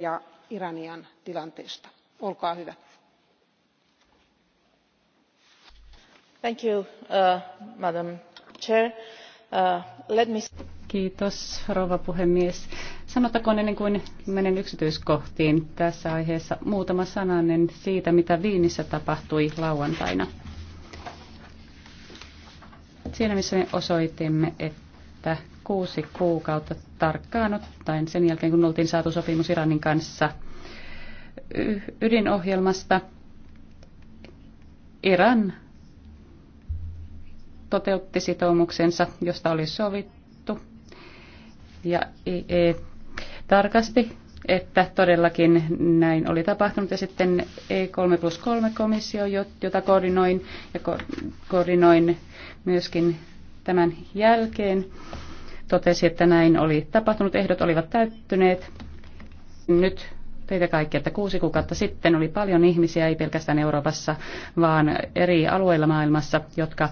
ja iranian tilanteesta. olkaa hyvä. arvoisa uh, uh, puhemies sanottakoon ennen kuin menen yksityiskohtiin tässä aiheessa muutama sananen siitä mitä Viinissä tapahtui lauantaina. Siinä missä me osoitimme, että että kuusi kuukautta tarkkaan ottaen sen jälkeen, kun oltiin saatu sopimus Iranin kanssa ydinohjelmasta, Iran toteutti sitoumuksensa, josta oli sovittu, ja IE tarkasti, että todellakin näin oli tapahtunut. Ja sitten E3 plus 3 komissio, jota koordinoin, ja ko- koordinoin myöskin tämän jälkeen totesi, että näin oli tapahtunut, ehdot olivat täyttyneet. Nyt teitä kaikki, että kuusi kuukautta sitten oli paljon ihmisiä, ei pelkästään Euroopassa, vaan eri alueilla maailmassa, jotka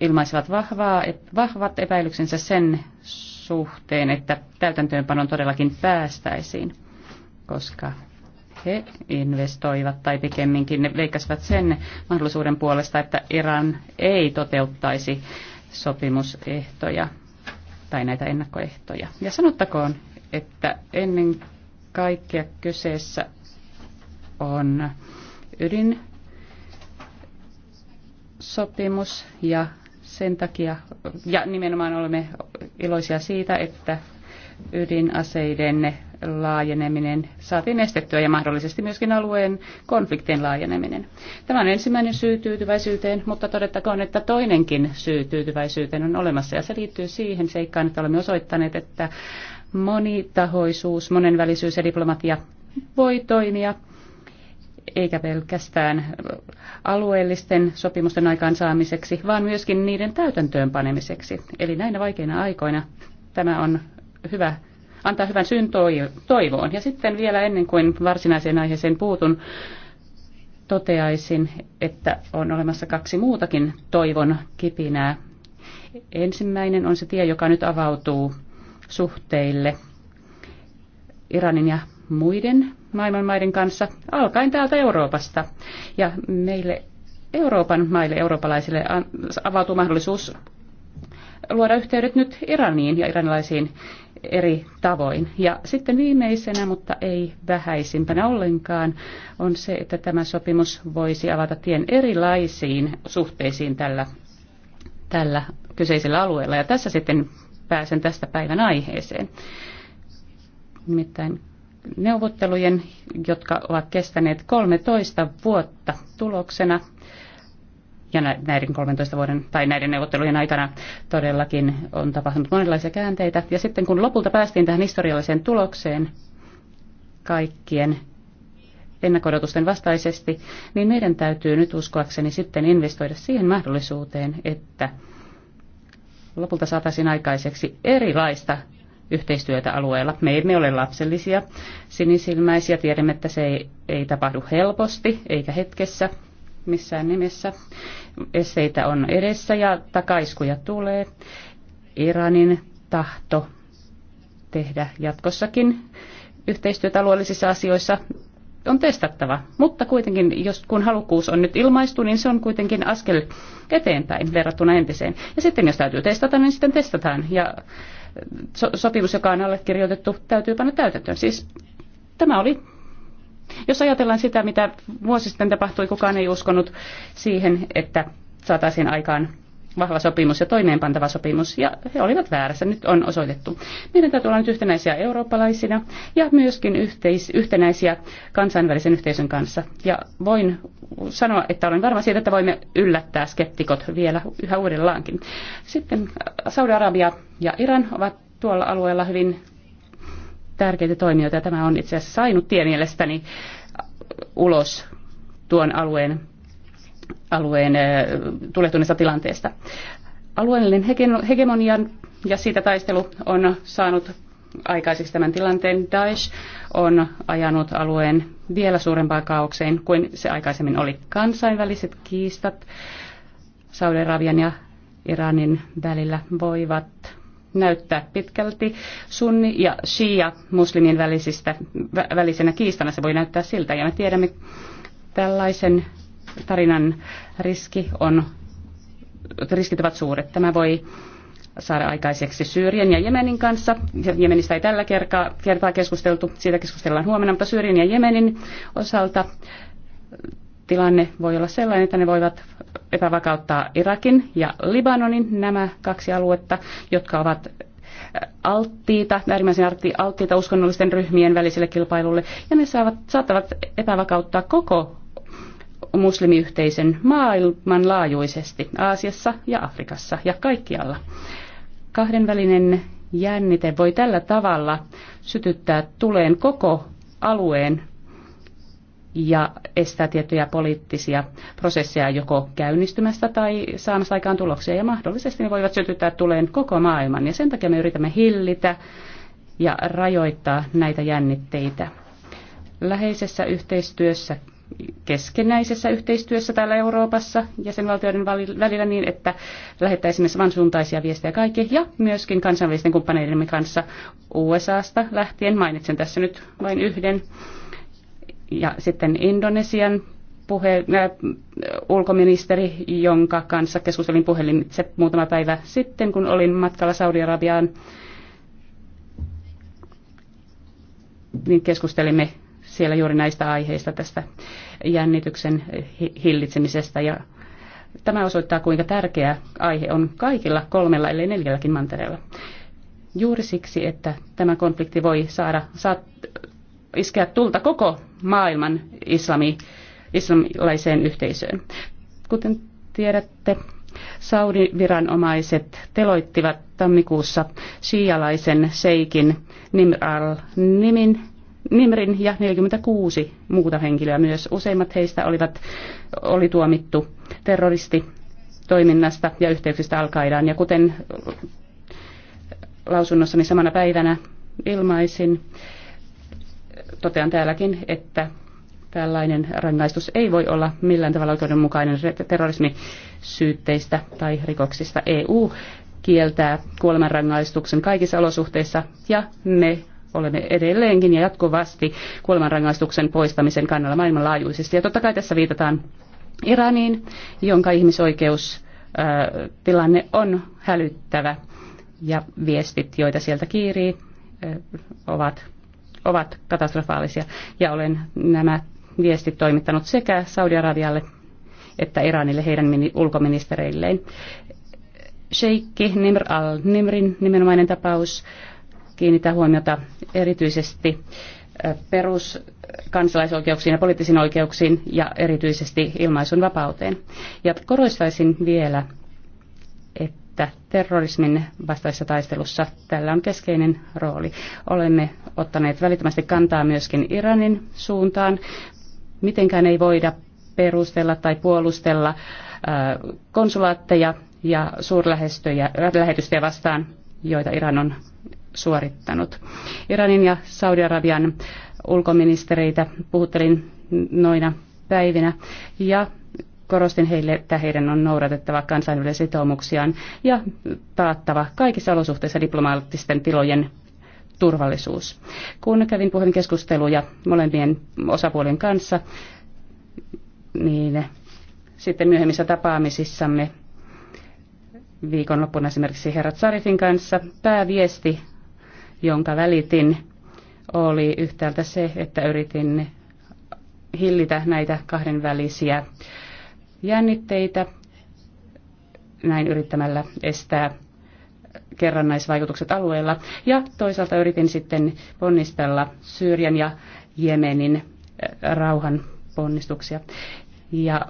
ilmaisivat vahvaa, vahvat epäilyksensä sen suhteen, että täytäntöönpanon todellakin päästäisiin, koska he investoivat tai pikemminkin ne veikkasivat sen mahdollisuuden puolesta, että Iran ei toteuttaisi sopimusehtoja tai näitä ennakkoehtoja. Ja sanottakoon, että ennen kaikkea kyseessä on ydin sopimus ja sen takia, ja nimenomaan olemme iloisia siitä, että ydinaseiden laajeneminen saatiin estettyä ja mahdollisesti myöskin alueen konfliktien laajeneminen. Tämä on ensimmäinen syy tyytyväisyyteen, mutta todettakoon, että toinenkin syy tyytyväisyyteen on olemassa ja se liittyy siihen seikkaan, että olemme osoittaneet, että monitahoisuus, monenvälisyys ja diplomatia voi toimia eikä pelkästään alueellisten sopimusten aikaansaamiseksi, vaan myöskin niiden täytäntöönpanemiseksi. Eli näinä vaikeina aikoina tämä on hyvä antaa hyvän syyn toivoon. Ja sitten vielä ennen kuin varsinaiseen aiheeseen puutun, toteaisin, että on olemassa kaksi muutakin toivon kipinää. Ensimmäinen on se tie, joka nyt avautuu suhteille Iranin ja muiden maailmanmaiden kanssa, alkaen täältä Euroopasta. Ja meille Euroopan maille, eurooppalaisille avautuu mahdollisuus luoda yhteydet nyt Iraniin ja iranilaisiin eri tavoin. Ja sitten viimeisenä, mutta ei vähäisimpänä ollenkaan, on se, että tämä sopimus voisi avata tien erilaisiin suhteisiin tällä, tällä kyseisellä alueella. Ja tässä sitten pääsen tästä päivän aiheeseen. Nimittäin neuvottelujen, jotka ovat kestäneet 13 vuotta tuloksena, ja näiden 13 vuoden tai näiden neuvottelujen aikana todellakin on tapahtunut monenlaisia käänteitä. Ja sitten kun lopulta päästiin tähän historialliseen tulokseen kaikkien ennakodotusten vastaisesti, niin meidän täytyy nyt uskoakseni sitten investoida siihen mahdollisuuteen, että lopulta saataisiin aikaiseksi erilaista yhteistyötä alueella. Me emme ole lapsellisia, sinisilmäisiä, tiedämme, että se ei, ei tapahdu helposti eikä hetkessä, missään nimessä. Esseitä on edessä ja takaiskuja tulee. Iranin tahto tehdä jatkossakin yhteistyötä alueellisissa asioissa on testattava, mutta kuitenkin, jos, kun halukkuus on nyt ilmaistu, niin se on kuitenkin askel eteenpäin verrattuna entiseen. Ja sitten jos täytyy testata, niin sitten testataan. Ja äh, so- sopimus, joka on allekirjoitettu, täytyy panna täytäntöön. Siis tämä oli jos ajatellaan sitä, mitä vuosi sitten tapahtui, kukaan ei uskonut siihen, että saataisiin aikaan vahva sopimus ja toimeenpantava sopimus, ja he olivat väärässä, nyt on osoitettu. Meidän täytyy olla nyt yhtenäisiä eurooppalaisina ja myöskin yhteis, yhtenäisiä kansainvälisen yhteisön kanssa. Ja voin sanoa, että olen varma siitä, että voimme yllättää skeptikot vielä yhä uudellaankin. Sitten Saudi-Arabia ja Iran ovat tuolla alueella hyvin tärkeitä toimijoita. Tämä on itse asiassa ainut tiemielestäni ulos tuon alueen, alueen tulehtuneesta tilanteesta. Alueellinen hegemonia ja siitä taistelu on saanut aikaiseksi tämän tilanteen. Daesh on ajanut alueen vielä suurempaan kaaukseen kuin se aikaisemmin oli. Kansainväliset kiistat Saudi-Arabian ja Iranin välillä voivat näyttää pitkälti sunni- ja shia-muslimien välisistä, vä- välisenä kiistana. Se voi näyttää siltä. Ja me tiedämme tällaisen tarinan riski on, riskit ovat suuret. Tämä voi saada aikaiseksi Syyrien ja Jemenin kanssa. Jemenistä ei tällä kertaa, kertaa keskusteltu, siitä keskustellaan huomenna, mutta Syyrien ja Jemenin osalta tilanne voi olla sellainen, että ne voivat epävakauttaa Irakin ja Libanonin nämä kaksi aluetta, jotka ovat alttiita, äärimmäisen alttiita uskonnollisten ryhmien väliselle kilpailulle, ja ne saavat, saattavat epävakauttaa koko muslimiyhteisön maailmanlaajuisesti Aasiassa ja Afrikassa ja kaikkialla. Kahdenvälinen jännite voi tällä tavalla sytyttää tuleen koko alueen ja estää tiettyjä poliittisia prosesseja joko käynnistymästä tai saamasta aikaan tuloksia. Ja mahdollisesti ne voivat sytyttää tuleen koko maailman. Ja sen takia me yritämme hillitä ja rajoittaa näitä jännitteitä. Läheisessä yhteistyössä, keskenäisessä yhteistyössä täällä Euroopassa jäsenvaltioiden välillä niin, että lähettäisimme samansuuntaisia viestejä kaikki ja myöskin kansainvälisten kumppaneidemme kanssa USAsta lähtien. Mainitsen tässä nyt vain yhden ja sitten Indonesian puhe, äh, ulkoministeri, jonka kanssa keskustelin puhelimitse muutama päivä sitten, kun olin matkalla Saudi-Arabiaan, niin keskustelimme siellä juuri näistä aiheista, tästä jännityksen hillitsemisestä. Ja tämä osoittaa, kuinka tärkeä aihe on kaikilla kolmella, eli neljälläkin mantereella. Juuri siksi, että tämä konflikti voi saada, saat, iskeä tulta koko maailman islami, islamilaiseen yhteisöön. Kuten tiedätte, Saudi-viranomaiset teloittivat tammikuussa shialaisen seikin Nimr al-Nimin Nimrin ja 46 muuta henkilöä myös. Useimmat heistä olivat, oli tuomittu terroristi toiminnasta ja yhteyksistä al Ja kuten lausunnossani samana päivänä ilmaisin, totean täälläkin, että tällainen rangaistus ei voi olla millään tavalla oikeudenmukainen terrorismisyytteistä tai rikoksista. EU kieltää kuolemanrangaistuksen kaikissa olosuhteissa ja me olemme edelleenkin ja jatkuvasti kuolemanrangaistuksen poistamisen kannalla maailmanlaajuisesti. Ja totta kai tässä viitataan Iraniin, jonka ihmisoikeustilanne on hälyttävä ja viestit, joita sieltä kiirii, ovat ovat katastrofaalisia. Ja olen nämä viestit toimittanut sekä Saudi-Arabialle että Iranille heidän ulkoministereilleen. Sheikki Nimr al-Nimrin nimenomainen tapaus kiinnittää huomiota erityisesti peruskansalaisoikeuksiin ja poliittisiin oikeuksiin ja erityisesti ilmaisun vapauteen. Ja korostaisin vielä, että että terrorismin vastaisessa taistelussa tällä on keskeinen rooli. Olemme ottaneet välittömästi kantaa myöskin Iranin suuntaan. Mitenkään ei voida perustella tai puolustella äh, konsulaatteja ja suurlähetystöjä vastaan, joita Iran on suorittanut. Iranin ja Saudi-Arabian ulkoministereitä puhuttelin noina päivinä ja korostin heille, että heidän on noudatettava kansainvälisiä sitoumuksiaan ja taattava kaikissa olosuhteissa diplomaattisten tilojen turvallisuus. Kun kävin puhelin keskusteluja molempien osapuolien kanssa, niin sitten myöhemmissä tapaamisissamme viikonloppuna esimerkiksi herra Sarifin kanssa pääviesti, jonka välitin, oli yhtäältä se, että yritin hillitä näitä kahdenvälisiä jännitteitä näin yrittämällä estää kerrannaisvaikutukset alueella. Ja toisaalta yritin sitten ponnistella Syyrian ja Jemenin äh, rauhan ponnistuksia ja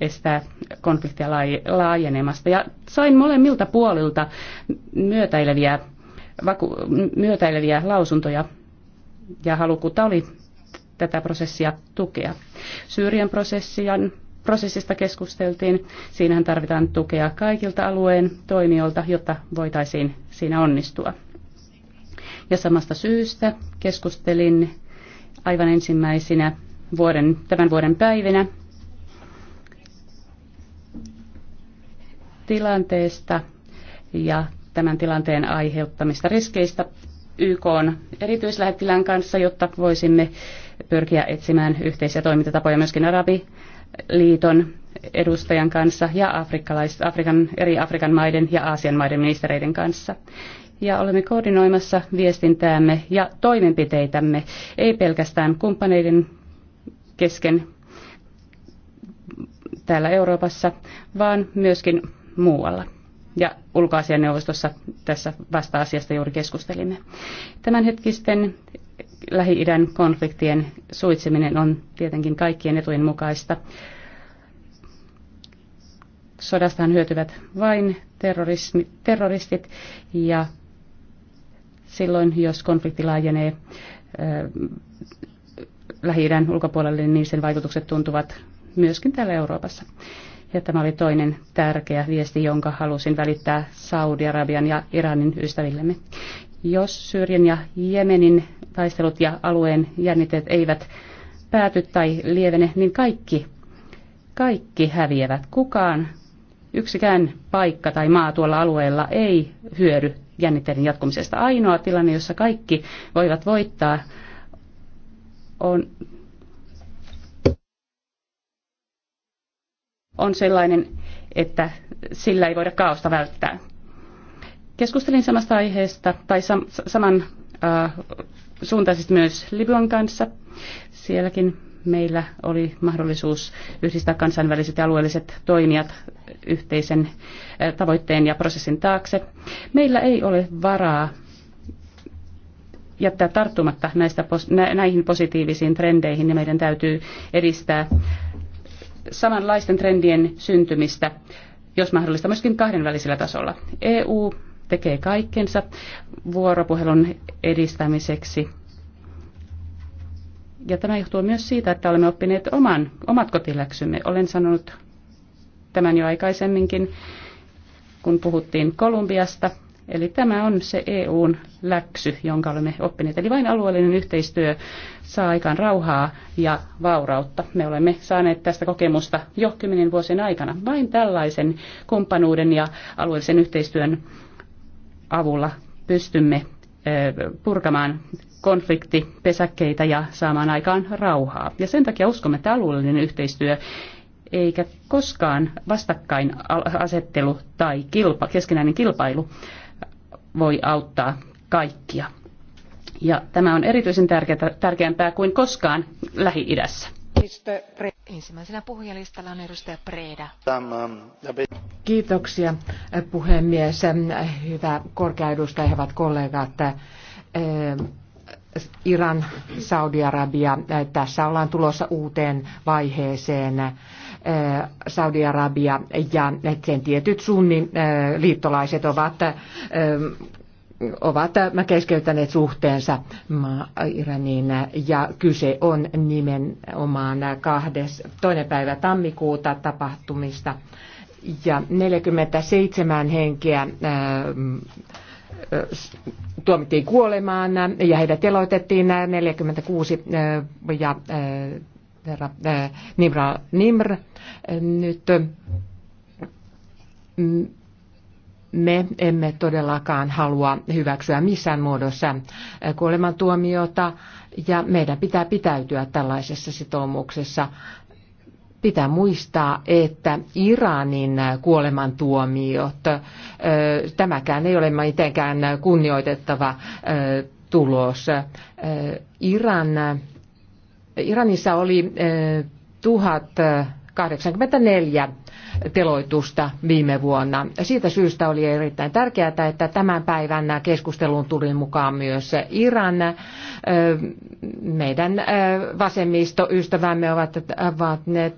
estää konfliktia laajenemasta. Ja sain molemmilta puolilta myötäileviä, vaku, myötäileviä lausuntoja ja halukkuutta oli tätä prosessia tukea. Syyrian prosessian prosessista keskusteltiin. Siinähän tarvitaan tukea kaikilta alueen toimijoilta, jotta voitaisiin siinä onnistua. Ja samasta syystä keskustelin aivan ensimmäisinä vuoden, tämän vuoden päivinä tilanteesta ja tämän tilanteen aiheuttamista riskeistä YK on erityislähettilään kanssa, jotta voisimme pyrkiä etsimään yhteisiä toimintatapoja myöskin arabi liiton edustajan kanssa ja afrikkalais, Afrikan, eri Afrikan maiden ja Aasian maiden ministereiden kanssa. Ja olemme koordinoimassa viestintäämme ja toimenpiteitämme, ei pelkästään kumppaneiden kesken täällä Euroopassa, vaan myöskin muualla. Ja ulkoasianneuvostossa tässä vasta-asiasta juuri keskustelimme. Tämänhetkisten Lähi-idän konfliktien suitseminen on tietenkin kaikkien etujen mukaista. Sodastahan hyötyvät vain terroristit ja silloin, jos konflikti laajenee Lähi-idän ulkopuolelle, niin sen vaikutukset tuntuvat myöskin täällä Euroopassa. Ja tämä oli toinen tärkeä viesti, jonka halusin välittää Saudi-Arabian ja Iranin ystävillemme. Jos Syyrian ja Jemenin taistelut ja alueen jännitteet eivät pääty tai lievene, niin kaikki, kaikki häviävät. Kukaan, yksikään paikka tai maa tuolla alueella ei hyödy jännitteiden jatkumisesta. Ainoa tilanne, jossa kaikki voivat voittaa, on, on sellainen, että sillä ei voida kaosta välttää. Keskustelin samasta aiheesta tai sam, saman äh, suuntaisesti myös Libyan kanssa. Sielläkin meillä oli mahdollisuus yhdistää kansainväliset ja alueelliset toimijat yhteisen äh, tavoitteen ja prosessin taakse. Meillä ei ole varaa jättää tarttumatta näistä, näihin positiivisiin trendeihin ja meidän täytyy edistää samanlaisten trendien syntymistä, jos mahdollista myöskin kahdenvälisellä tasolla. EU tekee kaikkensa vuoropuhelun edistämiseksi. Ja tämä johtuu myös siitä, että olemme oppineet oman, omat kotiläksymme. Olen sanonut tämän jo aikaisemminkin, kun puhuttiin Kolumbiasta. Eli tämä on se EUn läksy, jonka olemme oppineet. Eli vain alueellinen yhteistyö saa aikaan rauhaa ja vaurautta. Me olemme saaneet tästä kokemusta jo kymmenen vuosien aikana. Vain tällaisen kumppanuuden ja alueellisen yhteistyön avulla pystymme purkamaan konfliktipesäkkeitä ja saamaan aikaan rauhaa. Ja sen takia uskomme, että alueellinen yhteistyö eikä koskaan vastakkainasettelu tai kilpa, keskinäinen kilpailu voi auttaa kaikkia. Ja tämä on erityisen tärkeää, tärkeämpää kuin koskaan Lähi-idässä. Ensimmäisenä puhujalistalla on edustaja Preda. Kiitoksia puhemies. Hyvä korkea edustaja, hyvät kollegat. Äh, Iran, Saudi-Arabia, äh, tässä ollaan tulossa uuteen vaiheeseen. Äh, Saudi-Arabia ja sen tietyt sunnin liittolaiset ovat ovat äh, keskeyttäneet suhteensa Iraniin ja kyse on nimenomaan kahdes, toinen päivä tammikuuta tapahtumista ja 47 henkeä äh, tuomittiin kuolemaan ja heidät teloitettiin 46 äh, ja herra Nimr, Nimr nyt mm, me emme todellakaan halua hyväksyä missään muodossa eh, kuolemantuomiota ja meidän pitää pitäytyä tällaisessa sitoumuksessa. Pitää muistaa, että Iranin kuolemantuomiot, eh, tämäkään ei ole mitenkään kunnioitettava eh, tulos. Iran, Iranissa oli tuhat 84 teloitusta viime vuonna. Siitä syystä oli erittäin tärkeää, että tämän päivän keskusteluun tuli mukaan myös Iran. Meidän vasemmistoystävämme ovat vaatineet,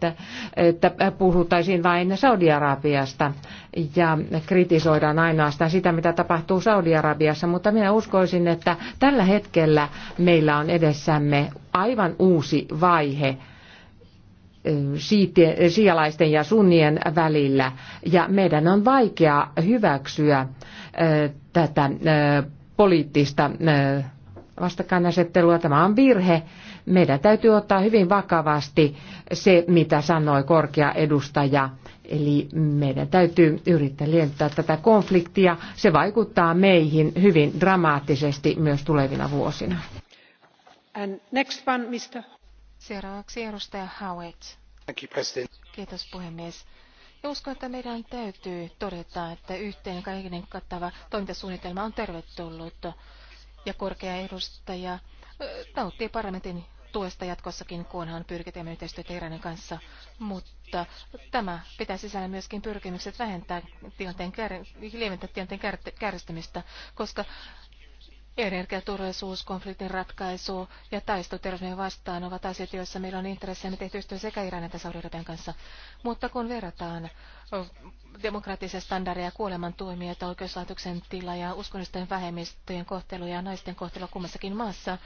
että puhuttaisiin vain Saudi-Arabiasta ja kritisoidaan ainoastaan sitä, mitä tapahtuu Saudi-Arabiassa, mutta minä uskoisin, että tällä hetkellä meillä on edessämme aivan uusi vaihe – siialaisten ja sunnien välillä. Ja meidän on vaikea hyväksyä tätä poliittista vastakkainasettelua. Tämä on virhe. Meidän täytyy ottaa hyvin vakavasti se, mitä sanoi korkea edustaja. Eli meidän täytyy yrittää lientää tätä konfliktia. Se vaikuttaa meihin hyvin dramaattisesti myös tulevina vuosina. And next one, Mr. Seuraavaksi edustaja Howitt. Kiitos puhemies. Ja uskon, että meidän täytyy todeta, että yhteen kaiken kattava toimintasuunnitelma on tervetullut ja korkea edustaja nauttii parlamentin tuesta jatkossakin, kunhan pyrkitään yhteistyötä Iranin kanssa, mutta tämä pitää sisällä myöskin pyrkimykset vähentää tilanteen, lieventää tilanteen kärjistymistä, koska Energiaturvallisuus, konfliktin ratkaisu ja taistoterrorismia vastaan ovat asiat, joissa meillä on intressejä tehty yhteistyö sekä Iranin että saudi kanssa. Mutta kun verrataan demokraattisia standardeja, kuolemantuomioita, oikeuslaitoksen tila ja uskonnollisten vähemmistöjen kohtelu ja naisten kohtelu kummassakin maassa,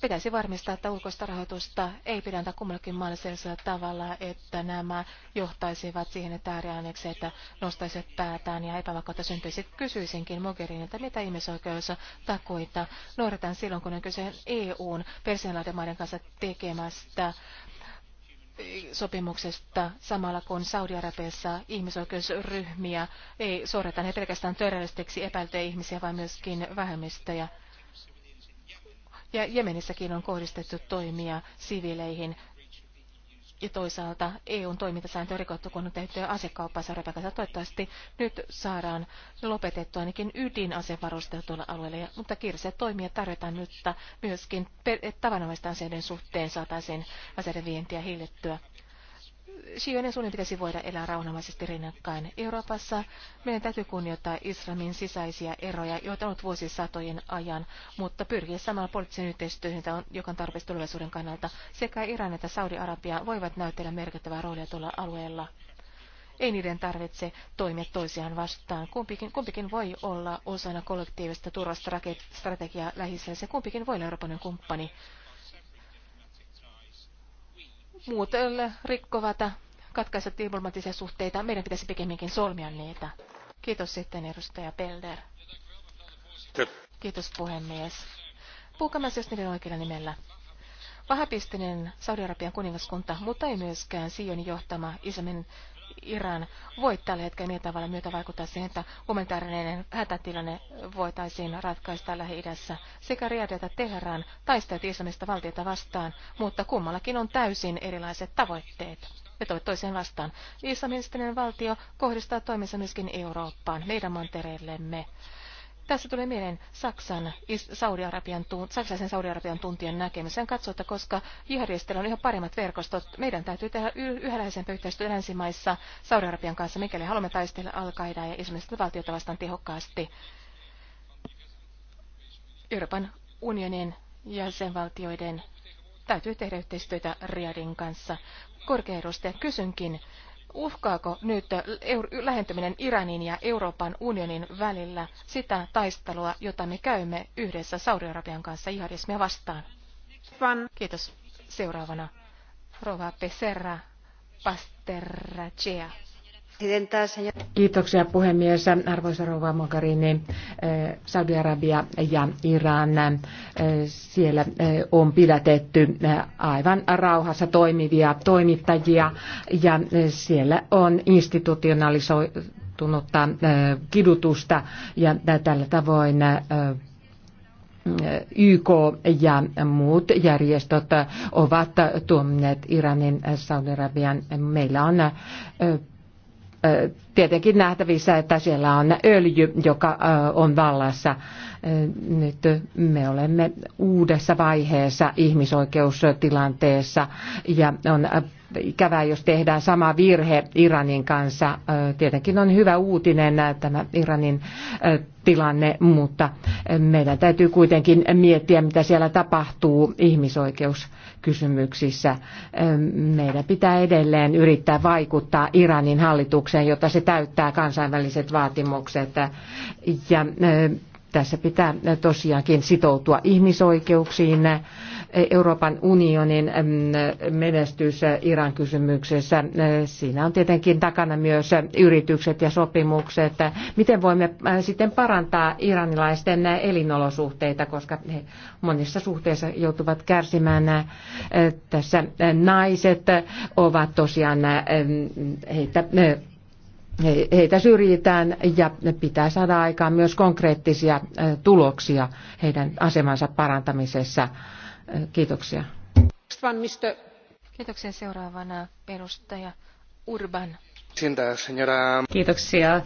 Pitäisi varmistaa, että ulkoista rahoitusta ei pidä antaa kummallekin maalle sellaisella tavalla, että nämä johtaisivat siihen, että ääriainekset nostaisivat päätään ja epävakautta syntyisi. Kysyisinkin Mogherinilta, mitä ihmisoikeus takuita noudataan silloin, kun on kyse EUn persianlaiden maiden kanssa tekemästä sopimuksesta samalla kun Saudi-Arabiassa ihmisoikeusryhmiä ei sorreta ne pelkästään törrellisteksi epäiltyjä ihmisiä, vaan myöskin vähemmistöjä. Ja Jemenissäkin on kohdistettu toimia siviileihin. Ja toisaalta EUn toimintasääntö on rikottu, kun on tehty asekauppaa Sarapakassa. Toivottavasti nyt saadaan lopetettua ainakin ydinasevarusteltuilla alueilla, mutta kirse toimia tarvitaan nyt, että myöskin tavanomaisten aseiden suhteen saataisiin aseiden vientiä hillittyä. Shioiden suunnin pitäisi voida elää rauhanomaisesti rinnakkain Euroopassa. Meidän täytyy kunnioittaa islamin sisäisiä eroja, joita on ollut vuosisatojen ajan, mutta pyrkiä samalla poliittisen yhteistyöhön, joka on tarpeeksi tulevaisuuden kannalta. Sekä Iran että Saudi-Arabia voivat näytellä merkittävää roolia tuolla alueella. Ei niiden tarvitse toimia toisiaan vastaan. Kumpikin, kumpikin voi olla osana kollektiivista turvastrategiaa lähisellä ja kumpikin voi olla Euroopan kumppani. Muut rikkovat katkaista diplomaattisia suhteita. Meidän pitäisi pikemminkin solmia niitä. Kiitos sitten edustaja Pelder. Kiitos puhemies. Puhukamme jos niiden oikealla nimellä. Vahapistinen Saudi-Arabian kuningaskunta, mutta ei myöskään Sionin johtama Islamin Iran voi tällä hetkellä niin tavalla myötä vaikuttaa siihen, että humanitaarinen hätätilanne voitaisiin ratkaista Lähi-idässä. Sekä Riad että Teheran taistelut islamista valtiota vastaan, mutta kummallakin on täysin erilaiset tavoitteet. Ne toivat toiseen vastaan. Islamistinen valtio kohdistaa toimensa myöskin Eurooppaan, meidän mantereillemme. Tässä tulee mieleen Saksan, Saudi-Arabian, saksalaisen Saudi-Arabian tuntien näkemisen katsoa, että koska jihadistilla on ihan paremmat verkostot, meidän täytyy tehdä yhä läheisempi yhteistyötä länsimaissa Saudi-Arabian kanssa, mikäli haluamme taistella al ja esimerkiksi valtiota vastaan tehokkaasti. Euroopan unionin jäsenvaltioiden täytyy tehdä yhteistyötä Riadin kanssa. Korkea kysynkin, Uhkaako nyt lähentyminen Iranin ja Euroopan unionin välillä sitä taistelua, jota me käymme yhdessä Saudi-Arabian kanssa jihadismia vastaan? Kiitos. Seuraavana Rova Peserra Pasterracea. Kiitoksia puhemies. Arvoisa rouva Mogherini, eh, Saudi-Arabia ja Iran, eh, siellä eh, on pidätetty aivan rauhassa toimivia toimittajia ja siellä on institutionalisoitunutta kidutusta ja tällä tavoin YK ja muut järjestöt ovat tuomineet Iranin Saudi-Arabian. Meillä on tietenkin nähtävissä, että siellä on öljy, joka on vallassa. Nyt me olemme uudessa vaiheessa ihmisoikeustilanteessa ja on ikävää, jos tehdään sama virhe Iranin kanssa. Tietenkin on hyvä uutinen tämä Iranin tilanne, mutta meidän täytyy kuitenkin miettiä, mitä siellä tapahtuu ihmisoikeuskysymyksissä. Meidän pitää edelleen yrittää vaikuttaa Iranin hallitukseen, jotta se täyttää kansainväliset vaatimukset. Ja tässä pitää tosiaankin sitoutua ihmisoikeuksiin Euroopan unionin menestys Iran kysymyksessä. Siinä on tietenkin takana myös yritykset ja sopimukset. Miten voimme sitten parantaa iranilaisten elinolosuhteita, koska he monissa suhteissa joutuvat kärsimään. Tässä naiset ovat tosiaan heitä heitä syrjitään ja pitää saada aikaan myös konkreettisia tuloksia heidän asemansa parantamisessa. Kiitoksia. Kiitoksia seuraavana edustaja Urban. Kiitoksia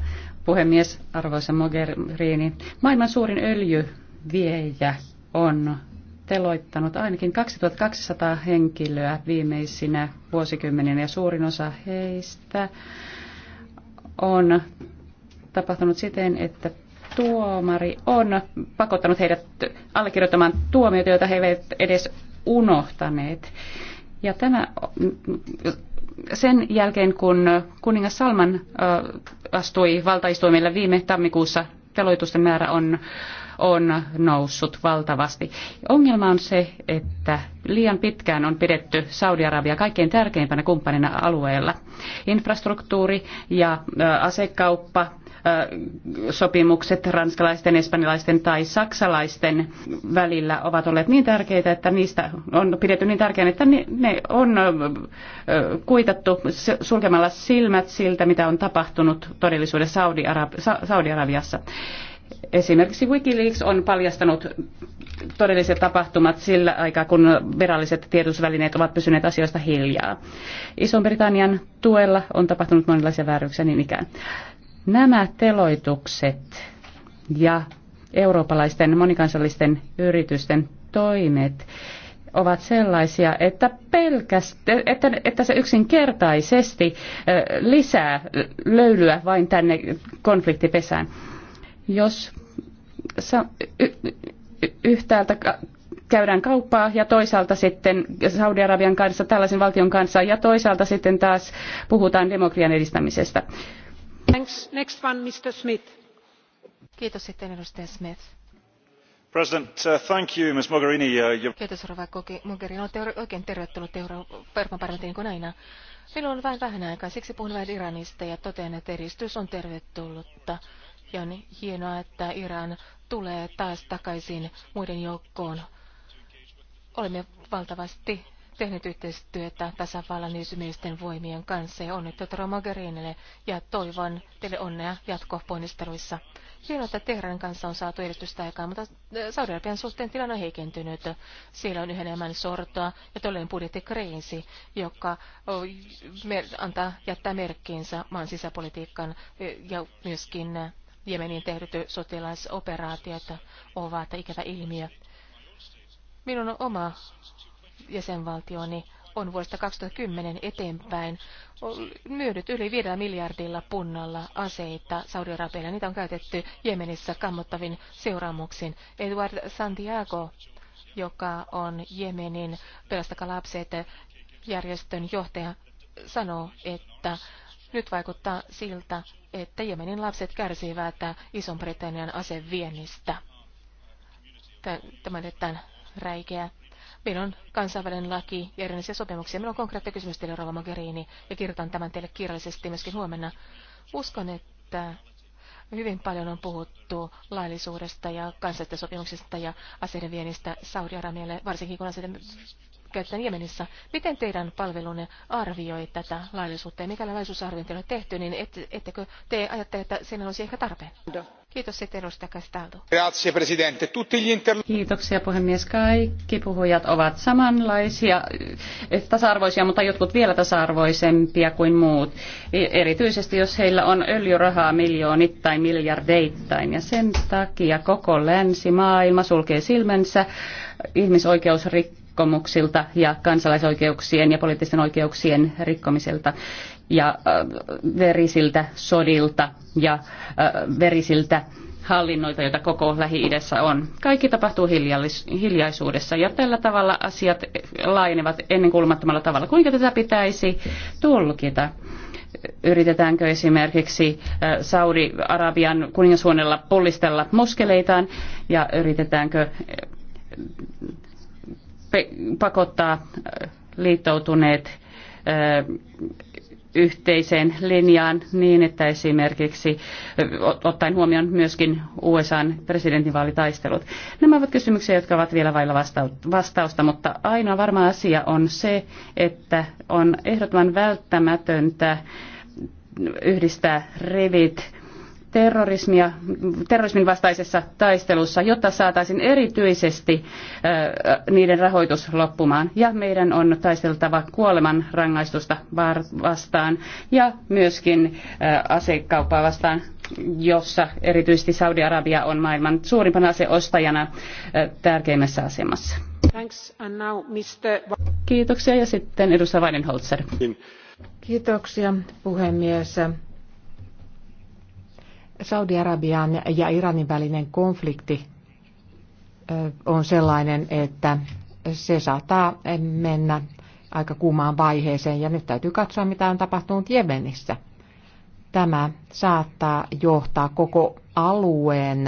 puhemies, arvoisa Mogherini. Maailman suurin öljyviejä on teloittanut ainakin 2200 henkilöä viimeisinä vuosikymmeninä ja suurin osa heistä on tapahtunut siten, että tuomari on pakottanut heidät allekirjoittamaan tuomioita, joita he eivät edes unohtaneet. Ja tämä, sen jälkeen, kun kuningas Salman astui valtaistuimille viime tammikuussa, teloitusten määrä on, on noussut valtavasti. Ongelma on se, että liian pitkään on pidetty Saudi-Arabia kaikkein tärkeimpänä kumppanina alueella. Infrastruktuuri ja asekauppa sopimukset ranskalaisten, espanjalaisten tai saksalaisten välillä ovat olleet niin tärkeitä, että niistä on pidetty niin tärkeänä, että ne on kuitattu sulkemalla silmät siltä, mitä on tapahtunut todellisuudessa Saudi-Arabiassa. Esimerkiksi Wikileaks on paljastanut todelliset tapahtumat sillä aikaa, kun viralliset tiedotusvälineet ovat pysyneet asioista hiljaa. Ison-Britannian tuella on tapahtunut monenlaisia vääryksiä niin ikään. Nämä teloitukset ja eurooppalaisten monikansallisten yritysten toimet ovat sellaisia, että, pelkäst, että, että se yksinkertaisesti lisää löylyä vain tänne konfliktipesään. Jos yhtäältä käydään kauppaa ja toisaalta sitten Saudi-Arabian kanssa, tällaisen valtion kanssa ja toisaalta sitten taas puhutaan demokratian edistämisestä. Next, next one, Kiitos sitten edustaja Smith. President, uh, uh Mogherini. Olette oikein tervetullut Euroopan parlamenttiin kuin aina. Meillä on vain vähän aikaa, siksi puhun vain Iranista ja totean, että edistys on tervetullutta. Ja on hienoa, että Iran tulee taas takaisin muiden joukkoon. Olemme valtavasti tehnyt yhteistyötä tasavallan isymiesten voimien kanssa ja onnittelut Gerinille ja toivon teille onnea jatkoponnisteluissa. Hienoa, että Tehran kanssa on saatu edistystä aikaa, mutta äh, Saudi-Arabian suhteen tilanne on heikentynyt. Siellä on yhä enemmän sortoa ja todellinen budjettikriisi, joka antaa jättää merkkiinsä maan sisäpolitiikan ja myöskin äh, Jemenin tehdyt sotilasoperaatiot ovat ikävä ilmiö. Minun oma jäsenvaltioni on vuodesta 2010 eteenpäin myynyt yli 5 miljardilla punnalla aseita Saudi-Arabialle. Niitä on käytetty Jemenissä kammottavin seuraamuksin. Eduard Santiago, joka on Jemenin Pelastakaa lapset järjestön johtaja, sanoo, että nyt vaikuttaa siltä, että Jemenin lapset kärsivät Ison-Britannian aseviennistä. Tämä on erittäin räikeä Meillä on kansainvälinen laki ja erinäisiä sopimuksia. Meillä on konkreettia kysymys teille, Rova Mogherini, ja kirjoitan tämän teille kirjallisesti myöskin huomenna. Uskon, että hyvin paljon on puhuttu laillisuudesta ja kansallisesta sopimuksesta ja aseiden viennistä Saudi-Arabialle, varsinkin kun aseiden käytetään Jemenissä. Miten teidän palvelunne arvioi tätä laillisuutta ja mikäli laillisuusarviointi on tehty, niin et, ettekö te ajattele, että sen olisi ehkä tarpeen? Kiitos sitten edustaja Castaldo. Kiitoksia puhemies. Kaikki puhujat ovat samanlaisia, tasa-arvoisia, mutta jotkut vielä tasa-arvoisempia kuin muut. Erityisesti jos heillä on öljyrahaa miljoonittain, miljardeittain. Ja sen takia koko länsimaailma sulkee silmänsä ihmisoikeusrikkoja rikkomuksilta ja kansalaisoikeuksien ja poliittisten oikeuksien rikkomisilta ja äh, verisiltä sodilta ja äh, verisiltä hallinnoilta, joita koko Lähi-idässä on. Kaikki tapahtuu hiljaisuudessa ja tällä tavalla asiat laajenevat ennenkulmattomalla tavalla. Kuinka tätä pitäisi tulkita? Yritetäänkö esimerkiksi äh, Saudi-Arabian kuningashuoneella pullistella moskeleitaan ja yritetäänkö pakottaa liittoutuneet yhteiseen linjaan niin, että esimerkiksi ottaen huomioon myöskin USAn presidentinvaalitaistelut. Nämä ovat kysymyksiä, jotka ovat vielä vailla vastausta, mutta ainoa varma asia on se, että on ehdottoman välttämätöntä yhdistää rivit terrorismia, terrorismin vastaisessa taistelussa, jotta saataisiin erityisesti niiden rahoitus loppumaan. Ja meidän on taisteltava kuoleman rangaistusta vastaan ja myöskin asekauppaa vastaan, jossa erityisesti Saudi-Arabia on maailman suurimpana aseostajana tärkeimmässä asemassa. Kiitoksia ja sitten edustaja Weidenholzer. Kiitoksia puhemies. Saudi-Arabian ja Iranin välinen konflikti on sellainen, että se saattaa mennä aika kuumaan vaiheeseen ja nyt täytyy katsoa, mitä on tapahtunut Jemenissä. Tämä saattaa johtaa koko alueen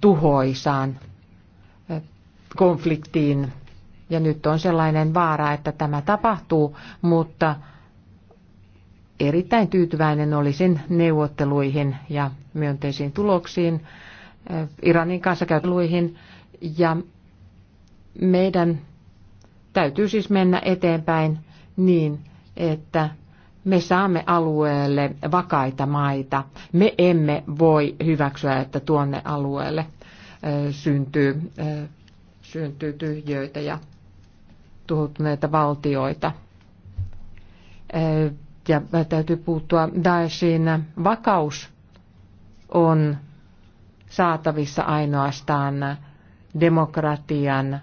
tuhoisaan konfliktiin. Ja nyt on sellainen vaara, että tämä tapahtuu, mutta erittäin tyytyväinen olisin neuvotteluihin ja myönteisiin tuloksiin eh, Iranin kanssa käyttöluihin. Ja meidän täytyy siis mennä eteenpäin niin, että me saamme alueelle vakaita maita. Me emme voi hyväksyä, että tuonne alueelle eh, syntyy, eh, syntyy tyhjöitä ja tuhoutuneita valtioita ja täytyy puuttua Daeshin. Vakaus on saatavissa ainoastaan demokratian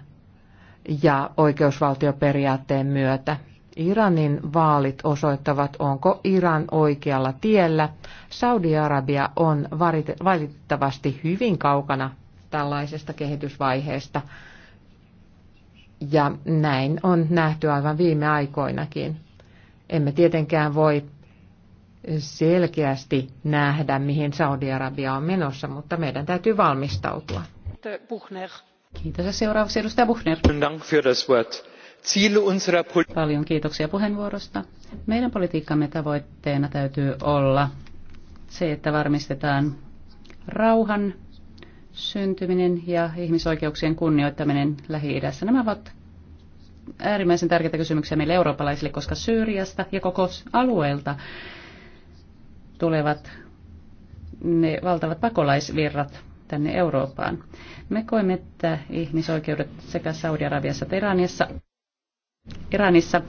ja oikeusvaltioperiaatteen myötä. Iranin vaalit osoittavat, onko Iran oikealla tiellä. Saudi-Arabia on valitettavasti hyvin kaukana tällaisesta kehitysvaiheesta. Ja näin on nähty aivan viime aikoinakin. Emme tietenkään voi selkeästi nähdä, mihin Saudi-Arabia on menossa, mutta meidän täytyy valmistautua. Buchner. Kiitos. Seuraavaksi edustaja Buchner. Paljon kiitoksia puheenvuorosta. Meidän politiikkamme tavoitteena täytyy olla se, että varmistetaan rauhan syntyminen ja ihmisoikeuksien kunnioittaminen Lähi-idässä. Nämä ovat äärimmäisen tärkeitä kysymyksiä meille eurooppalaisille, koska Syyriasta ja koko alueelta tulevat ne valtavat pakolaisvirrat tänne Eurooppaan. Me koemme, että ihmisoikeudet sekä Saudi-Arabiassa että Iranissa, Iranissa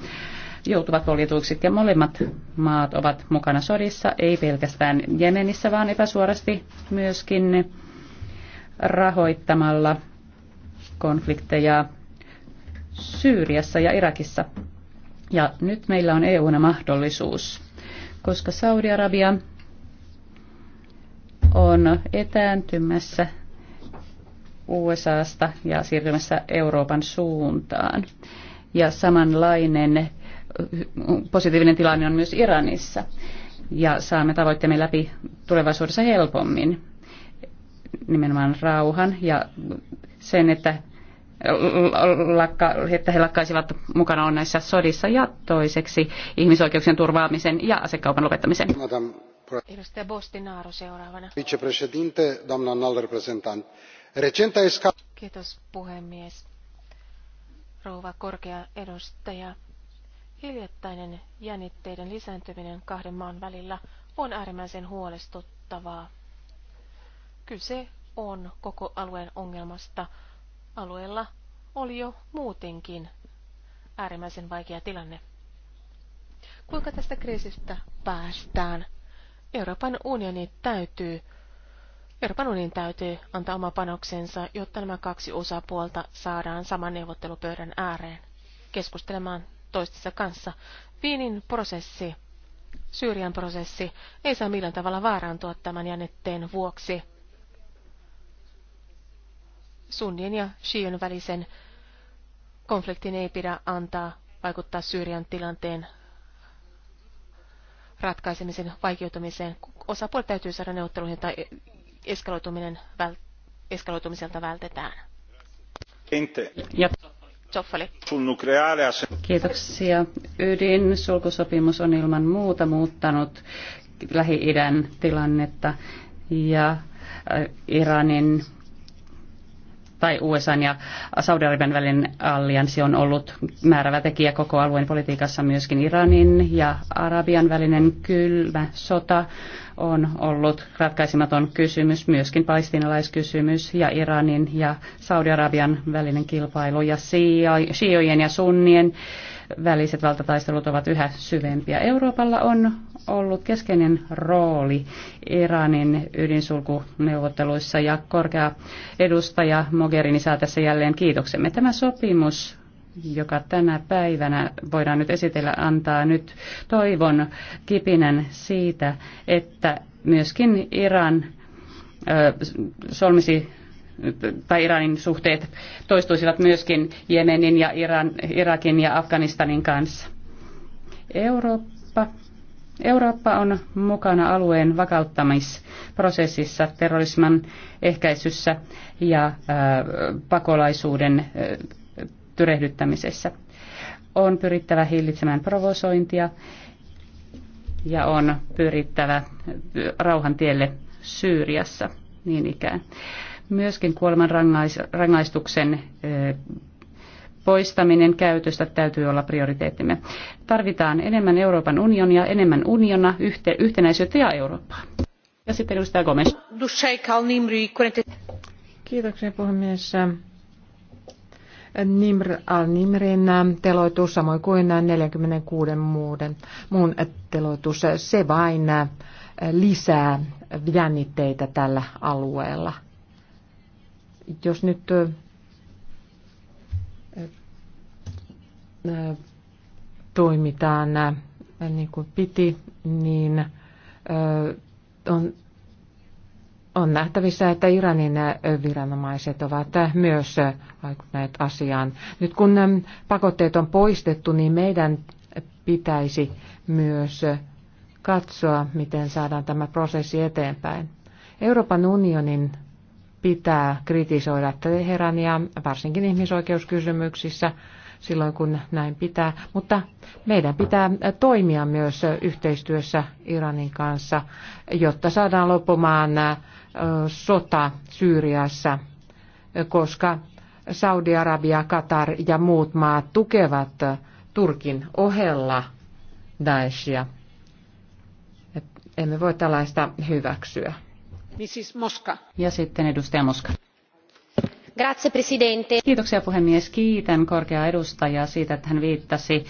joutuvat poljetuiksi ja molemmat maat ovat mukana sodissa, ei pelkästään Jemenissä, vaan epäsuorasti myöskin rahoittamalla konflikteja Syyriassa ja Irakissa. Ja nyt meillä on EUna mahdollisuus, koska Saudi-Arabia on etääntymässä USAsta ja siirtymässä Euroopan suuntaan. Ja samanlainen positiivinen tilanne on myös Iranissa. Ja saamme tavoitteemme läpi tulevaisuudessa helpommin nimenomaan rauhan ja sen, että lakka, että he lakkaisivat mukana on näissä sodissa ja toiseksi ihmisoikeuksien turvaamisen ja asekaupan lopettamisen. Edustaja Bostinaaro seuraavana. representant. Kiitos puhemies. Rouva korkea edustaja. Hiljattainen jännitteiden lisääntyminen kahden maan välillä on äärimmäisen huolestuttavaa. Kyse on koko alueen ongelmasta – alueella oli jo muutenkin äärimmäisen vaikea tilanne. Kuinka tästä kriisistä päästään? Euroopan unioni täytyy Euroopan unionin täytyy antaa oma panoksensa, jotta nämä kaksi osapuolta saadaan saman neuvottelupöydän ääreen keskustelemaan toistensa kanssa. Viinin prosessi, Syyrian prosessi, ei saa millään tavalla vaarantua tämän jännitteen vuoksi sunnien ja shion välisen konfliktin ei pidä antaa vaikuttaa Syyrian tilanteen ratkaisemisen vaikeutumiseen. Osapuolet täytyy saada neuvotteluihin tai eskaloituminen väl, eskaloitumiselta vältetään. Ja. Kiitoksia. Ydin sulkusopimus on ilman muuta muuttanut Lähi-idän tilannetta ja äh, Iranin tai USA ja Saudi-Arabian välinen allianssi on ollut määrävä tekijä koko alueen politiikassa myöskin Iranin ja Arabian välinen kylmä sota on ollut ratkaisematon kysymys, myöskin palestiinalaiskysymys ja Iranin ja Saudi-Arabian välinen kilpailu ja shiojen ja sunnien väliset valtataistelut ovat yhä syvempiä. Euroopalla on ollut keskeinen rooli Iranin ydinsulkuneuvotteluissa ja korkea edustaja Mogherini saa tässä jälleen kiitoksemme. Tämä sopimus joka tänä päivänä voidaan nyt esitellä, antaa nyt toivon kipinän siitä, että myöskin Iran ö, solmisi tai Iranin suhteet toistuisivat myöskin Jemenin ja Iran, Irakin ja Afganistanin kanssa. Eurooppa, Eurooppa on mukana alueen vakauttamisprosessissa, terrorisman ehkäisyssä ja ö, pakolaisuuden ö, tyrehdyttämisessä. On pyrittävä hillitsemään provosointia ja on pyrittävä rauhan tielle Syyriassa niin ikään. Myöskin kuoleman rangais, rangaistuksen poistaminen käytöstä täytyy olla prioriteettimme. Tarvitaan enemmän Euroopan unionia, enemmän uniona, yhte, yhtenäisyyttä ja Eurooppaa. Ja sitten edustaja Gomes. Kiitoksia puhemies. Nimr al-Nimrin teloitus, samoin kuin 46 muuden, muun teloitus, se vain lisää jännitteitä tällä alueella. Jos nyt toimitaan niin kuin piti, niin on on nähtävissä, että Iranin äh, viranomaiset ovat äh, myös vaikuttaneet äh, asiaan. Nyt kun ähm, pakotteet on poistettu, niin meidän pitäisi myös katsoa, miten saadaan tämä prosessi eteenpäin. Euroopan unionin pitää kritisoida Teherania, varsinkin ihmisoikeuskysymyksissä, silloin kun näin pitää. Mutta meidän pitää toimia myös yhteistyössä Iranin kanssa, jotta saadaan loppumaan sota Syyriassa, koska Saudi-Arabia, Katar ja muut maat tukevat Turkin ohella Daeshia. Emme voi tällaista hyväksyä arvoisa Ja sitten edustaja Kiitoksia puhemies. Kiitän korkeaa edustajaa siitä, että hän viittasi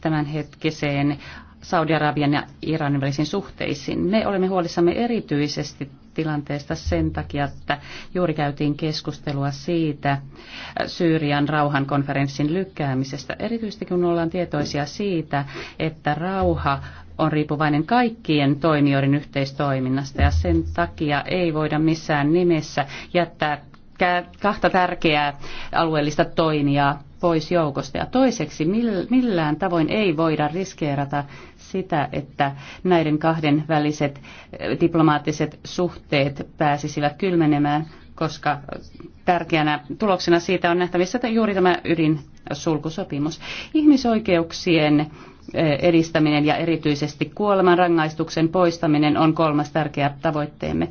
tämänhetkisiin Saudi-Arabian ja Iranin välisiin suhteisiin. Me olemme huolissamme erityisesti tilanteesta sen takia, että juuri käytiin keskustelua siitä Syyrian rauhankonferenssin lykkäämisestä. Erityisesti kun ollaan tietoisia siitä, että rauha on riippuvainen kaikkien toimijoiden yhteistoiminnasta ja sen takia ei voida missään nimessä jättää kahta tärkeää alueellista toimijaa pois joukosta. Ja toiseksi millään tavoin ei voida riskeerata sitä, että näiden kahden väliset eh, diplomaattiset suhteet pääsisivät kylmenemään, koska tärkeänä tuloksena siitä on nähtävissä juuri tämä ydinsulkusopimus. Ihmisoikeuksien Eh, edistäminen ja erityisesti kuolemanrangaistuksen poistaminen on kolmas tärkeä tavoitteemme.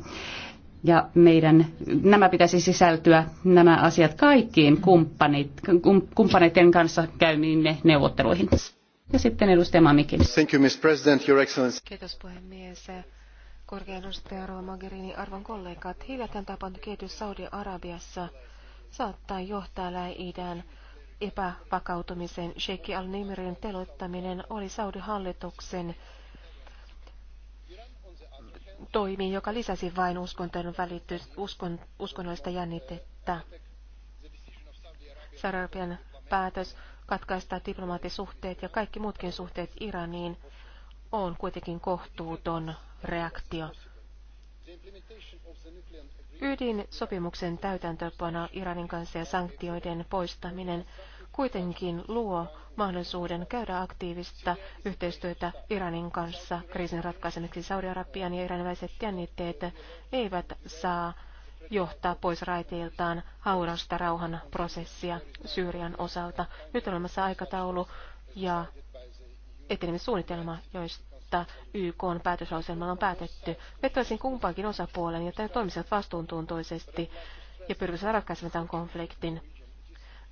Ja meidän, nämä pitäisi sisältyä, nämä asiat kaikkiin kumppanit, kumppaneiden kanssa käymiin neuvotteluihin. Ja sitten edustaja Mamikin. Thank you, Mr. President, Your Excellency. Kiitos puhemies. Korkean edustaja Roa Mogherini, arvon kollegat, hiljattain tapahtunut kehitys Saudi-Arabiassa saattaa johtaa Lähi-idän epävakautumisen Sheikh al nimrin teloittaminen oli Saudi-hallituksen toimi, joka lisäsi vain uskontojen välitys, uskon, uskonnollista jännitettä. Sarabian päätös katkaista diplomaattisuhteet ja kaikki muutkin suhteet Iraniin on kuitenkin kohtuuton reaktio. Ydin sopimuksen täytäntöpano Iranin kanssa ja sanktioiden poistaminen kuitenkin luo mahdollisuuden käydä aktiivista yhteistyötä Iranin kanssa kriisin ratkaisemiseksi. Saudi-Arabian ja iranilaiset jännitteet eivät saa johtaa pois raiteiltaan haurasta rauhanprosessia Syyrian osalta. Nyt on olemassa aikataulu ja etenemissuunnitelma, joista että YK on päätöslauselmalla on päätetty. Vetoisin kumpaankin osapuolen, jotta he toimisivat vastuuntuntoisesti ja pyrkisivät ratkaisemaan tämän konfliktin.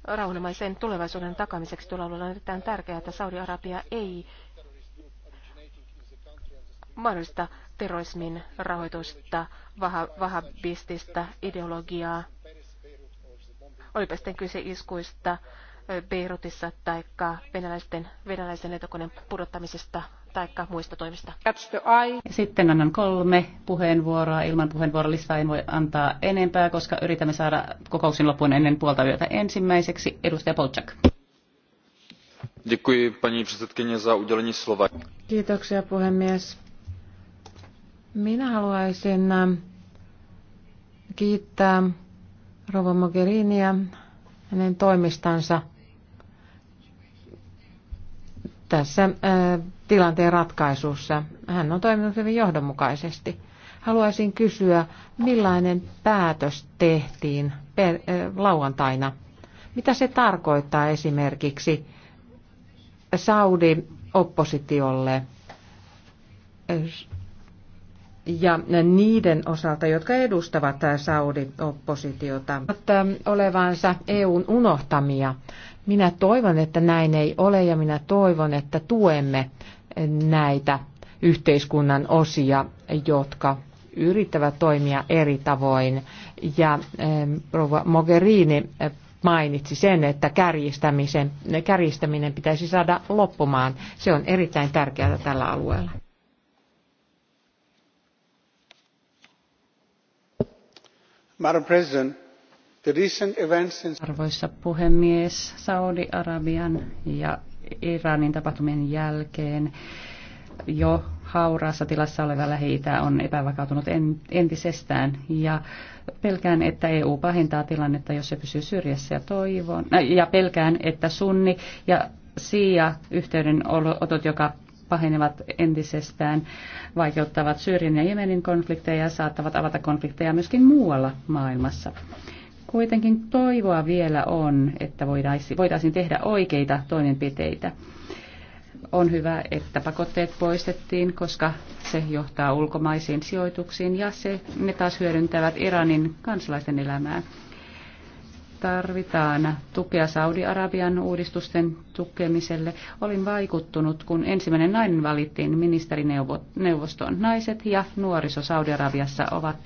Rauhanomaisen tulevaisuuden takamiseksi tuolla alueella on erittäin tärkeää, että Saudi-Arabia ei mahdollista terrorismin rahoitusta, vaha, vahabistista ideologiaa, olipa sitten kyse iskuista Beirutissa tai venäläisten, venäläisen lentokoneen pudottamisesta tai muista toimista. Sitten annan kolme puheenvuoroa. Ilman puheenvuorolistaa en voi antaa enempää, koska yritämme saada kokouksen loppuun ennen puolta yötä. Ensimmäiseksi edustaja Polchak. Kiitoksia puhemies. Minä haluaisin ähm, kiittää Rova Mogherinia hänen toimistansa – tässä tilanteen ratkaisussa. Hän on toiminut hyvin johdonmukaisesti. Haluaisin kysyä, millainen päätös tehtiin per, lauantaina? Mitä se tarkoittaa esimerkiksi Saudi-oppositiolle? ja niiden osalta, jotka edustavat Saudi-oppositiota, olevansa EUn unohtamia. Minä toivon, että näin ei ole ja minä toivon, että tuemme näitä yhteiskunnan osia, jotka yrittävät toimia eri tavoin. Ja rouva Mogherini mainitsi sen, että kärjistäminen pitäisi saada loppumaan. Se on erittäin tärkeää tällä alueella. Arvoisa puhemies, Saudi-Arabian ja Iranin tapahtumien jälkeen jo hauraassa tilassa oleva lähi on epävakautunut entisestään ja pelkään, että EU pahentaa tilannetta, jos se pysyy syrjässä ja toivon, äh, ja pelkään, että sunni ja siia otot, joka pahenevat entisestään, vaikeuttavat Syyrian ja Jemenin konflikteja ja saattavat avata konflikteja myöskin muualla maailmassa. Kuitenkin toivoa vielä on, että voitaisiin tehdä oikeita toimenpiteitä on hyvä, että pakotteet poistettiin, koska se johtaa ulkomaisiin sijoituksiin ja se, ne taas hyödyntävät Iranin kansalaisten elämää tarvitaan tukea Saudi-Arabian uudistusten tukemiselle. Olin vaikuttunut, kun ensimmäinen nainen valittiin ministerineuvostoon. Naiset ja nuoriso Saudi-Arabiassa ovat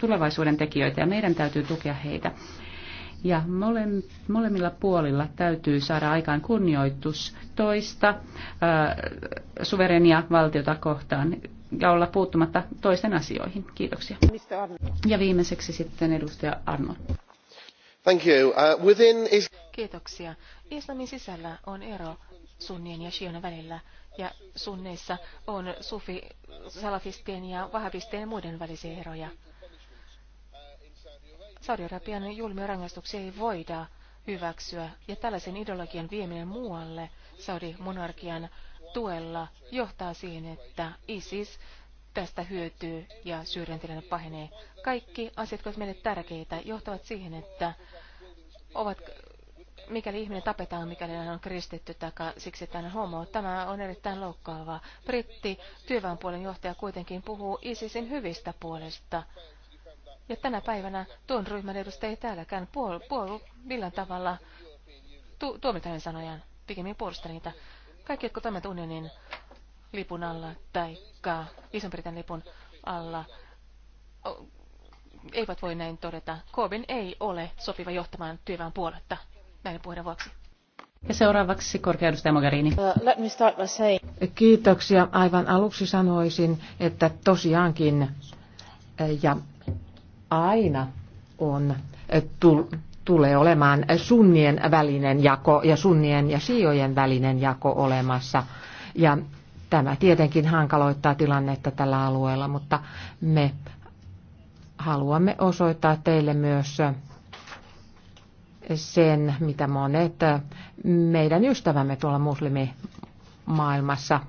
tulevaisuuden tekijöitä ja meidän täytyy tukea heitä. Ja molemmilla puolilla täytyy saada aikaan kunnioitus toista äh, suverenia valtiota kohtaan ja olla puuttumatta toisten asioihin. Kiitoksia. Ja viimeiseksi sitten edustaja Arno. Uh, Kiitoksia. Islamin sisällä on ero sunnien ja shion välillä, ja sunneissa on sufi, salafistien ja vahabistien ja muiden välisiä eroja. Saudi-Arabian julmia rangaistuksia ei voida hyväksyä, ja tällaisen ideologian vieminen muualle Saudi-monarkian tuella johtaa siihen, että ISIS tästä hyötyy ja Syyrian tilanne pahenee. Kaikki asiat, jotka ovat meille tärkeitä, johtavat siihen, että ovat, mikäli ihminen tapetaan, mikäli hän on kristitty tai siksi, että hän on homo, tämä on erittäin loukkaavaa. Britti työväenpuolen johtaja kuitenkin puhuu ISISin hyvistä puolesta. Ja tänä päivänä tuon ryhmän edustaja ei täälläkään puol, puol, millään tavalla tu, tuomita hänen sanojaan, pikemmin puolusta niitä. Kaikki, jotka toimivat unionin lipun alla tai Ison-Britannian lipun alla eivät voi näin todeta. Corbyn ei ole sopiva johtamaan työväen puoletta näiden puheiden vuoksi. Ja seuraavaksi edustaja Mogherini. Uh, Kiitoksia. Aivan aluksi sanoisin, että tosiaankin eh, ja aina on eh, tulee olemaan sunnien välinen jako ja sunnien ja siiojen välinen jako olemassa. Ja Tämä tietenkin hankaloittaa tilannetta tällä alueella, mutta me haluamme osoittaa teille myös sen, mitä monet meidän ystävämme tuolla muslimimaailmassa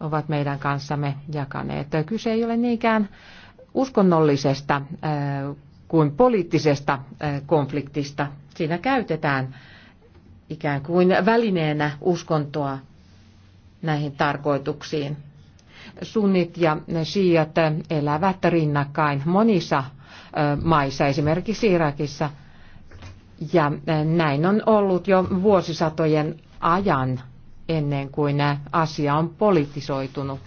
ovat meidän kanssamme jakaneet. Kyse ei ole niinkään uskonnollisesta eh, kuin poliittisesta eh, konfliktista. Siinä käytetään ikään kuin välineenä uskontoa näihin tarkoituksiin. Sunnit ja shiat elävät rinnakkain monissa maissa, esimerkiksi Irakissa. Ja näin on ollut jo vuosisatojen ajan ennen kuin asia on politisoitunut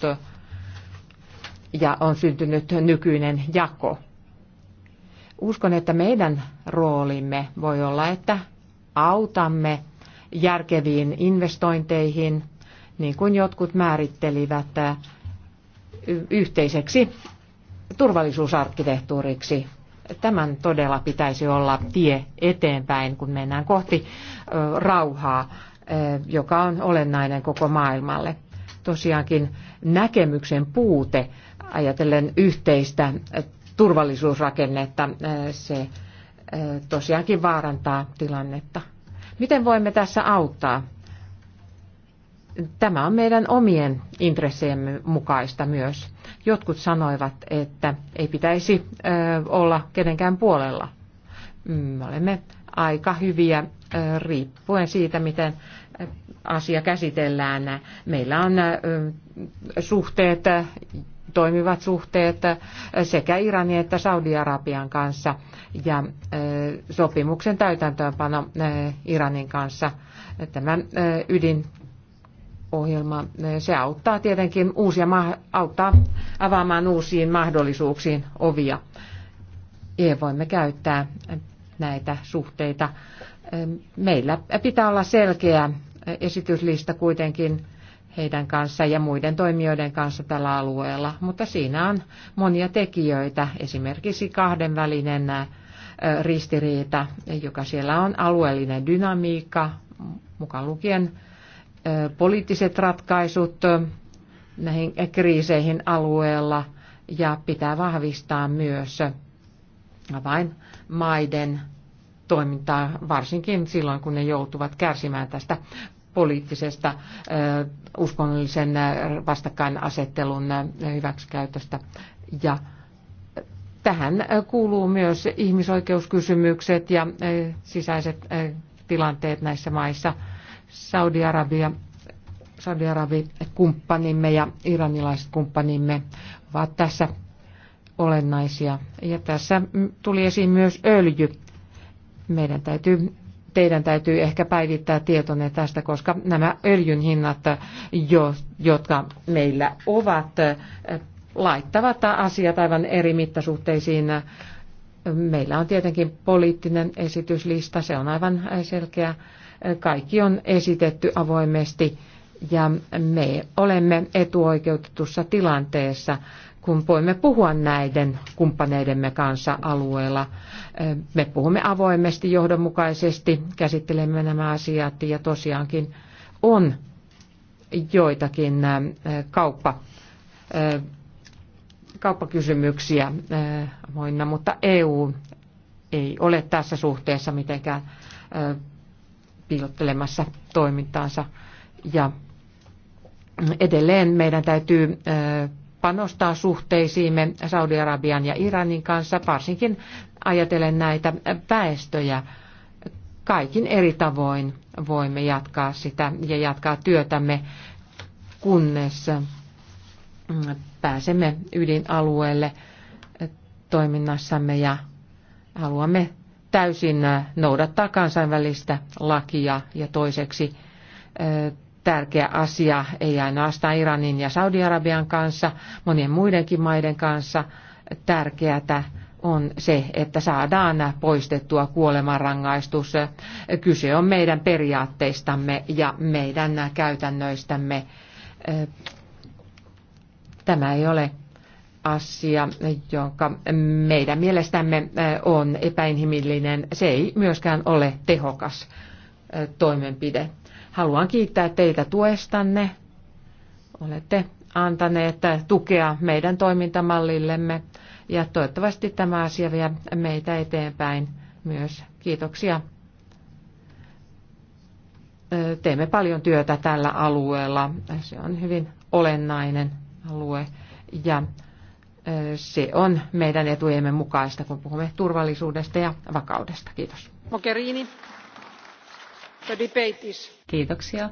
ja on syntynyt nykyinen jako. Uskon, että meidän roolimme voi olla, että autamme järkeviin investointeihin – niin kuin jotkut määrittelivät, yhteiseksi turvallisuusarkkitehtuuriksi. Tämän todella pitäisi olla tie eteenpäin, kun mennään kohti rauhaa, joka on olennainen koko maailmalle. Tosiaankin näkemyksen puute ajatellen yhteistä turvallisuusrakennetta, se tosiaankin vaarantaa tilannetta. Miten voimme tässä auttaa? Tämä on meidän omien intressejemme mukaista myös. Jotkut sanoivat, että ei pitäisi olla kenenkään puolella. Me mm, olemme aika hyviä riippuen siitä, miten asia käsitellään. Meillä on suhteet, toimivat suhteet sekä Iranin että Saudi-Arabian kanssa ja sopimuksen täytäntöönpano Iranin kanssa. Tämä ydin ohjelma, se auttaa tietenkin uusia, auttaa avaamaan uusiin mahdollisuuksiin ovia. Ja voimme käyttää näitä suhteita. Meillä pitää olla selkeä esityslista kuitenkin heidän kanssa ja muiden toimijoiden kanssa tällä alueella, mutta siinä on monia tekijöitä, esimerkiksi kahdenvälinen ristiriita, joka siellä on alueellinen dynamiikka, mukaan lukien poliittiset ratkaisut näihin kriiseihin alueella ja pitää vahvistaa myös vain maiden toimintaa, varsinkin silloin, kun ne joutuvat kärsimään tästä poliittisesta uskonnollisen vastakkainasettelun hyväksikäytöstä. Ja tähän kuuluu myös ihmisoikeuskysymykset ja sisäiset tilanteet näissä maissa – Saudi-Arabia Saudi-Arabi-kumppanimme ja iranilaiset kumppanimme ovat tässä olennaisia. Ja tässä tuli esiin myös öljy. Meidän täytyy, teidän täytyy ehkä päivittää tietonne tästä, koska nämä öljyn hinnat, jo, jotka meillä ovat, laittavat asiat aivan eri mittasuhteisiin. Meillä on tietenkin poliittinen esityslista, se on aivan selkeä kaikki on esitetty avoimesti ja me olemme etuoikeutetussa tilanteessa, kun voimme puhua näiden kumppaneidemme kanssa alueella. Me puhumme avoimesti, johdonmukaisesti, käsittelemme nämä asiat ja tosiaankin on joitakin kauppa, kauppakysymyksiä voinna, mutta EU ei ole tässä suhteessa mitenkään piilottelemassa toimintaansa. Ja edelleen meidän täytyy panostaa suhteisiimme Saudi-Arabian ja Iranin kanssa, varsinkin ajatellen näitä väestöjä. Kaikin eri tavoin voimme jatkaa sitä ja jatkaa työtämme, kunnes mm, pääsemme ydinalueelle toiminnassamme ja haluamme täysin äh, noudattaa kansainvälistä lakia ja toiseksi äh, tärkeä asia ei ainoastaan Iranin ja Saudi-Arabian kanssa, monien muidenkin maiden kanssa. Tärkeätä on se, että saadaan poistettua kuolemanrangaistus. Kyse on meidän periaatteistamme ja meidän käytännöistämme. Äh, tämä ei ole asia, jonka meidän mielestämme on epäinhimillinen. Se ei myöskään ole tehokas toimenpide. Haluan kiittää teitä tuestanne. Olette antaneet tukea meidän toimintamallillemme ja toivottavasti tämä asia vie meitä eteenpäin myös. Kiitoksia. Teemme paljon työtä tällä alueella. Se on hyvin olennainen alue ja se on meidän etujemme mukaista, kun puhumme turvallisuudesta ja vakaudesta. Kiitos. Mogherini. Kiitoksia.